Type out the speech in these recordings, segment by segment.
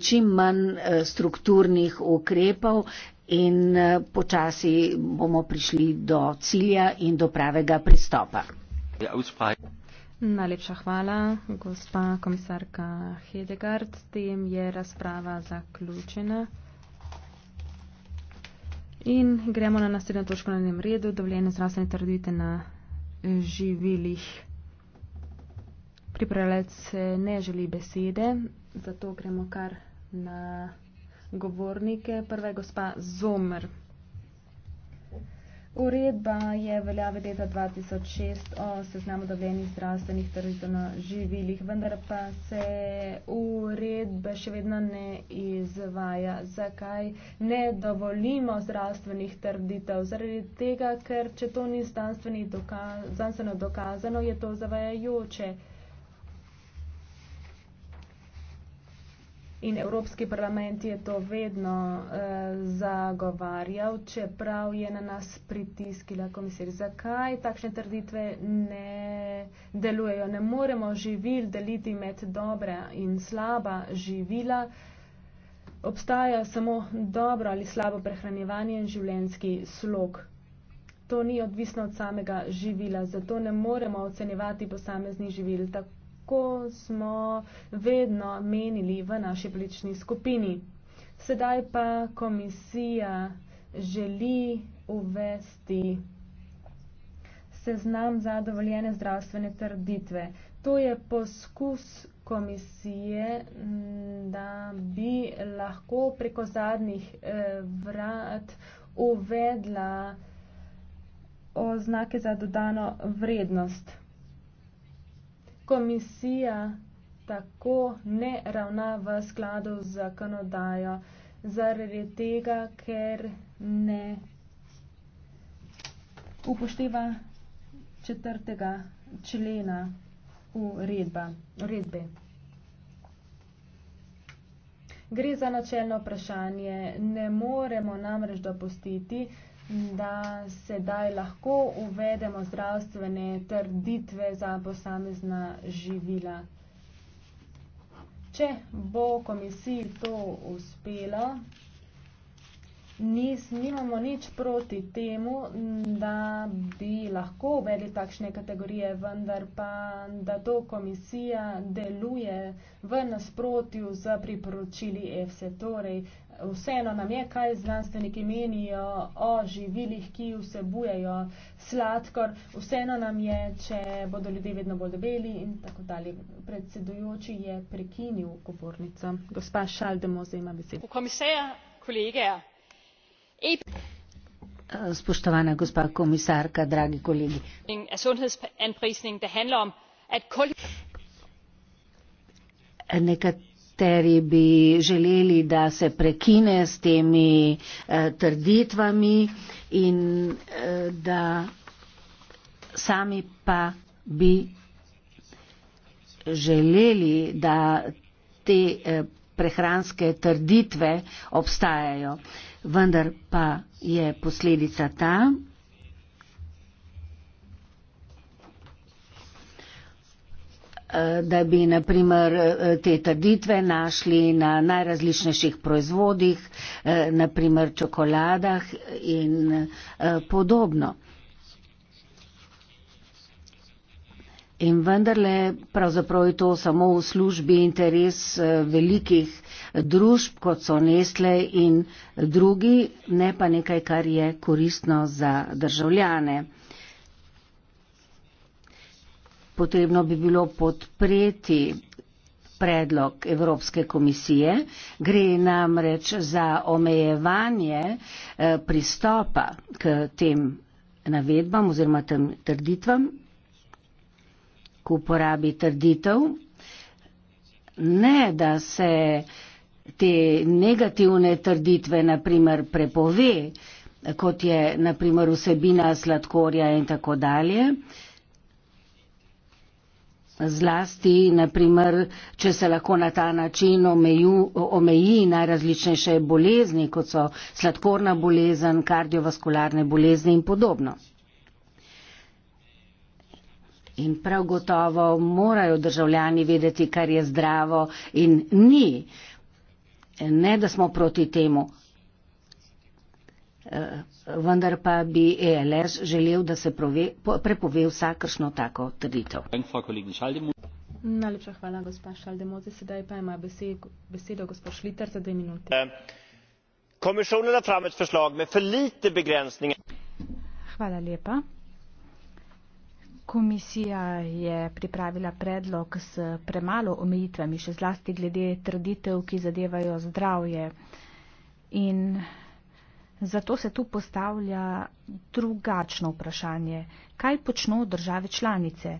čim manj eh, strukturnih ukrepov in eh, počasi bomo prišli do cilja in do pravega pristopa. Najlepša hvala, gospa komisarka Hedegard. S tem je razprava zaključena. In gremo na naslednjo točko na njem redu, dovoljene zdravstvene trditve na eh, živilih. Pripravljalec ne želi besede zato gremo kar na govornike. Prva je gospa Zomr. Uredba je veljave leta 2006 o seznamu dovoljenih zdravstvenih trženo živilih, vendar pa se uredba še vedno ne izvaja. Zakaj ne dovolimo zdravstvenih trditev? Zaradi tega, ker če to ni znanstveno dokazano, je to zavajajoče. In Evropski parlament je to vedno eh, zagovarjal, čeprav je na nas pritiskila komisar. Zakaj takšne trditve ne delujejo? Ne moremo živil deliti med dobra in slaba živila. Obstaja samo dobro ali slabo prehranjevanje in življenski slog. To ni odvisno od samega živila, zato ne moremo ocenjevati posameznih živil. Tako tako smo vedno menili v naši politični skupini. Sedaj pa komisija želi uvesti seznam za dovoljene zdravstvene trditve. To je poskus komisije, da bi lahko preko zadnjih eh, vrat uvedla oznake za dodano vrednost komisija tako ne ravna v skladu z zakonodajo, zaradi tega, ker ne upošteva četrtega člena uredba, uredbe. Gre za načelno vprašanje, ne moremo namreč dopustiti, da sedaj lahko uvedemo zdravstvene trditve za posamezna živila. Če bo komisiji to uspelo, nis, nimamo nič proti temu, da bi lahko uvedli takšne kategorije, vendar pa, da to komisija deluje v nasprotju z priporočili EFSE, torej Vseeno nam je, kaj znanstveniki menijo o živilih, ki vsebujejo sladkor. Vseeno nam je, če bodo ljudje vedno bolj debeli in tako dalje. Predsedujoči je prekinil govornico. Gospa Šaldemoza ima besedo. Komisija, kolege. Ep... Spoštovana gospa komisarka, dragi kolegi. Nekat nekateri bi želeli, da se prekine s temi eh, trditvami in eh, da sami pa bi želeli, da te eh, prehranske trditve obstajajo. Vendar pa je posledica ta, da bi naprimer te trditve našli na najrazličnejših proizvodih, naprimer čokoladah in podobno. In vendarle, pravzaprav je to samo v službi interes velikih družb, kot so Nestle in drugi, ne pa nekaj, kar je koristno za državljane potrebno bi bilo podpreti predlog Evropske komisije. Gre namreč za omejevanje eh, pristopa k tem navedbam oziroma tem trditvam, k uporabi trditev. Ne, da se te negativne trditve, naprimer, prepove, kot je naprimer vsebina sladkorja in tako dalje zlasti na primer, če se lahko na ta način omeju, omeji najrazličnejše bolezni, kot so sladkorna bolezen, kardiovaskularne bolezni in podobno. In prav gotovo morajo državljani vedeti, kar je zdravo in ni. Ne, da smo proti temu, Eh, vendar pa bi ELS želel, da se prepove vsakršno tako trditev. Najlepša hvala, gospa Šaldemoze. Sedaj pa ima besedo, besedo gospod Šliter za dve minuti. Eh, Komisjon je fram et forslag med for lite begrensning. Hvala lepa. Komisija je pripravila predlog s premalo omejitvami, še zlasti glede trditev, ki zadevajo zdravje. In Zato se tu postavlja drugačno vprašanje, kaj počno države članice.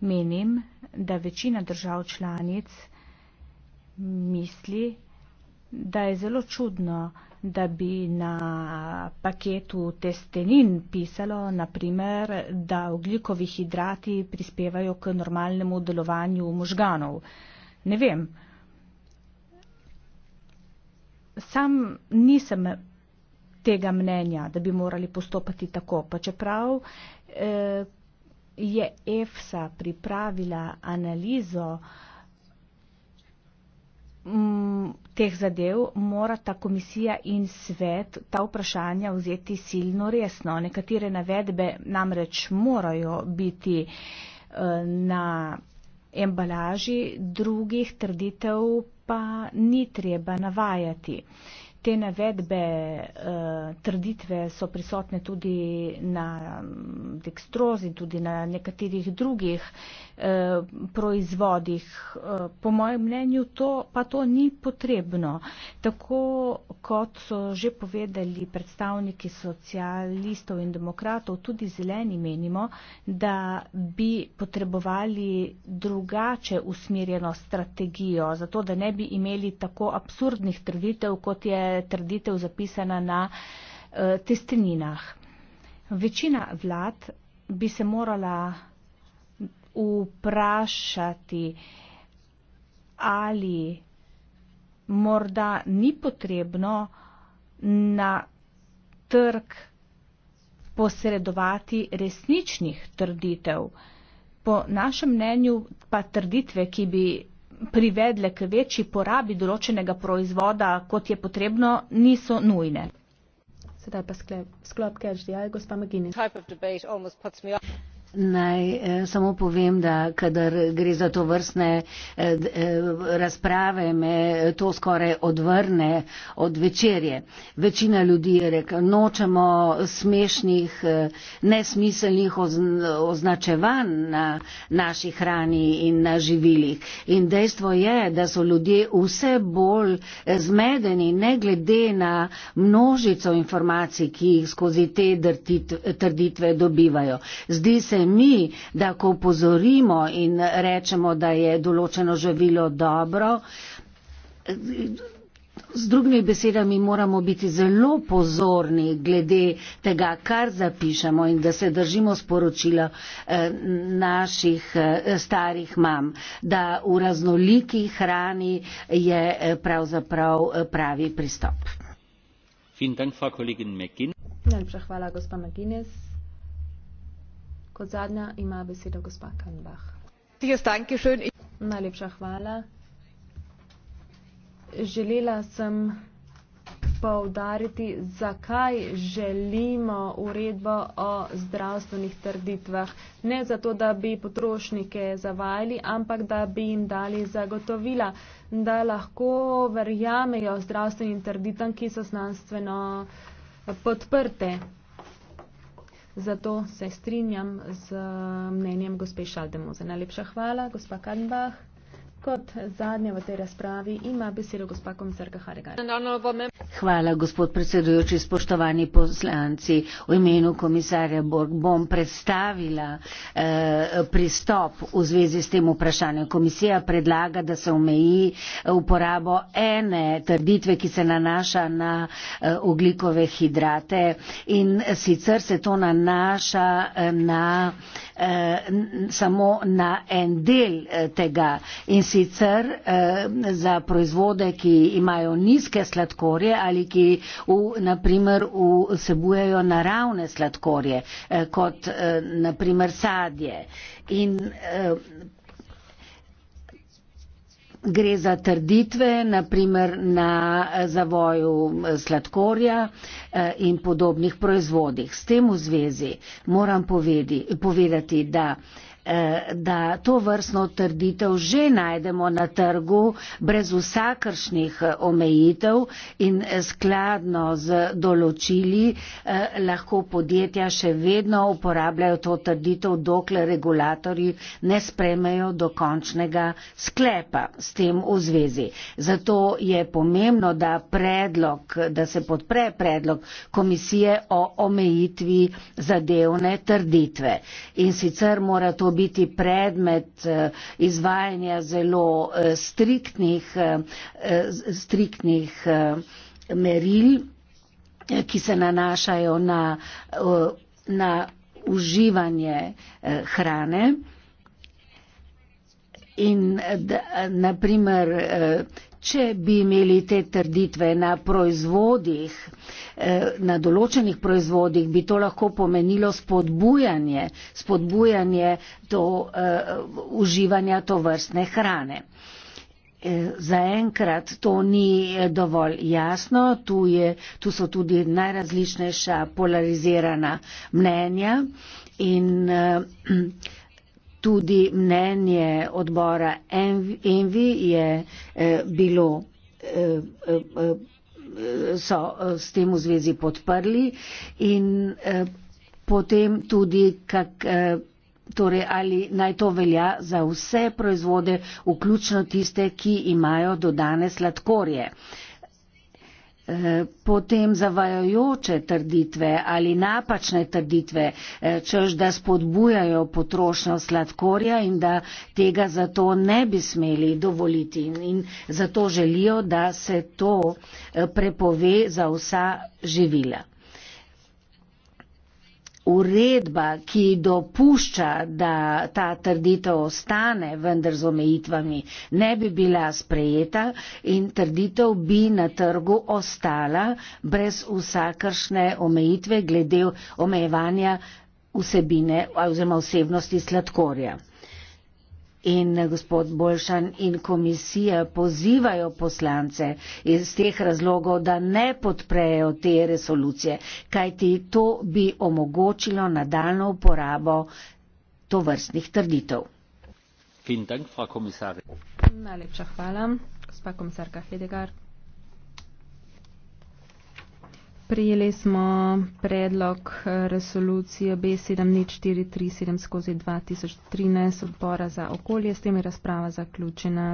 Menim, da večina držav članic misli, da je zelo čudno, da bi na paketu testenin pisalo, naprimer, da oglikovi hidrati prispevajo k normalnemu delovanju možganov. Ne vem. Sam nisem tega mnenja, da bi morali postopati tako. Pa čeprav eh, je EFSA pripravila analizo m, mm, teh zadev, mora ta komisija in svet ta vprašanja vzeti silno resno. Nekatere navedbe namreč morajo biti eh, na embalaži, drugih trditev pa ni treba navajati te navedbe, eh, trditve so prisotne tudi na mm, dekstrozi, tudi na nekaterih drugih Eh, proizvodih. Eh, po mojem mnenju to, pa to ni potrebno. Tako kot so že povedali predstavniki socialistov in demokratov, tudi zeleni menimo, da bi potrebovali drugače usmirjeno strategijo, zato da ne bi imeli tako absurdnih trditev, kot je trditev zapisana na eh, testininah. Večina vlad bi se morala vprašati, ali morda ni potrebno na trg posredovati resničnih trditev. Po našem mnenju pa trditve, ki bi privedle k večji porabi določenega proizvoda, kot je potrebno, niso nujne. Sedaj pa sklep, sklop, ker že je gospa Maginis. Naj eh, samo povem, da kadar gre za to vrstne eh, eh, razprave, me to skoraj odvrne od večerje. Večina ljudi je rekla, nočemo smešnih, eh, nesmiselnih ozn označevanj na naši hrani in na živilih. In dejstvo je, da so ljudje vse bolj eh, zmedeni, ne glede na množico informacij, ki jih skozi te trditve dobivajo. Zdi se mi, da ko upozorimo in rečemo, da je določeno živilo dobro, z drugimi besedami moramo biti zelo pozorni glede tega, kar zapišemo in da se držimo sporočila eh, naših eh, starih mam, da v raznoliki hrani je eh, pravzaprav pravi pristop. Najlepša hvala, gospa McGuinness. Kot zadnja ima besedo gospa Kanbah. Najlepša hvala. Želela sem poudariti, zakaj želimo uredbo o zdravstvenih trditvah. Ne zato, da bi potrošnike zavajali, ampak da bi jim dali zagotovila, da lahko verjamejo zdravstvenim trditvam, ki so znanstveno podprte. Zato se strinjam z eh, mnenjem gospe Šaldemoze. Najlepša hvala, gospa Kadenbach. Kot zadnje v tej razpravi ima besedo gospa komisarka Haregaj. Hvala, gospod predsedujoči, spoštovani poslanci. V imenu komisarja Borg bom predstavila eh, pristop v zvezi s tem vprašanjem. Komisija predlaga, da se omeji uporabo ene trditve, ki se nanaša na eh, oglikove hidrate in sicer se to nanaša eh, na, eh, samo na en del eh, tega. In sicer eh, za proizvode, ki imajo nizke sladkorje ali ki v, naprimer vsebujejo naravne sladkorje, eh, kot eh, naprimer sadje. In, eh, Gre za trditve, naprimer na eh, zavoju eh, sladkorja eh, in podobnih proizvodih. S tem v zvezi moram povedi, povedati, da Eh, da to vrstno trditev že najdemo na trgu brez vsakršnih eh, omejitev in eh, skladno z določili lahko podjetja še vedno uporabljajo to trditev, dokler regulatori ne spremejo dokončnega sklepa s tem v zvezi. Zato je pomembno, da, predlog, da se podpre predlog komisije o omejitvi zadevne trditve. In sicer mora to biti predmet eh, izvajanja zelo eh, striktnih, eh, striktnih meril, ki se nanašajo na, na uživanje hrane. In da, naprimer, če bi imeli te trditve na proizvodih, Eh, na določenih proizvodih bi to lahko pomenilo spodbujanje, spodbujanje to uh, uživanja to vrstne hrane. Eh, zaenkrat to ni dovolj jasno, tu, je, tu so tudi najrazličnejša polarizirana mnenja in tudi mnenje odbora Envi je bilo so eh, s tem v zvezi podprli in eh, potem tudi, kak, eh, torej ali naj to velja za vse proizvode, vključno tiste, ki imajo dodane sladkorje potem zavajajoče trditve ali napačne trditve, eh, čež da spodbujajo potrošnjo sladkorja in da tega zato ne bi smeli dovoliti in zato želijo, da se to eh, prepove za vsa živila uredba, ki dopušča, da ta trditev ostane, vendar z omejitvami, ne bi bila sprejeta in trditev bi na trgu ostala brez vsakršne omejitve glede omejevanja vsebine oziroma osebnosti sladkorja in eh, gospod Boljšan in komisija pozivajo poslance iz teh razlogov, da ne podprejo te resolucije, kajti to bi omogočilo nadaljno uporabo tovrstnih trditev. Najlepša hvala, gospa komisarka Hedegar. Prijeli smo predlog eh, resolucije B7437 skozi 2013 odbora za okolje. S tem je razprava zaključena.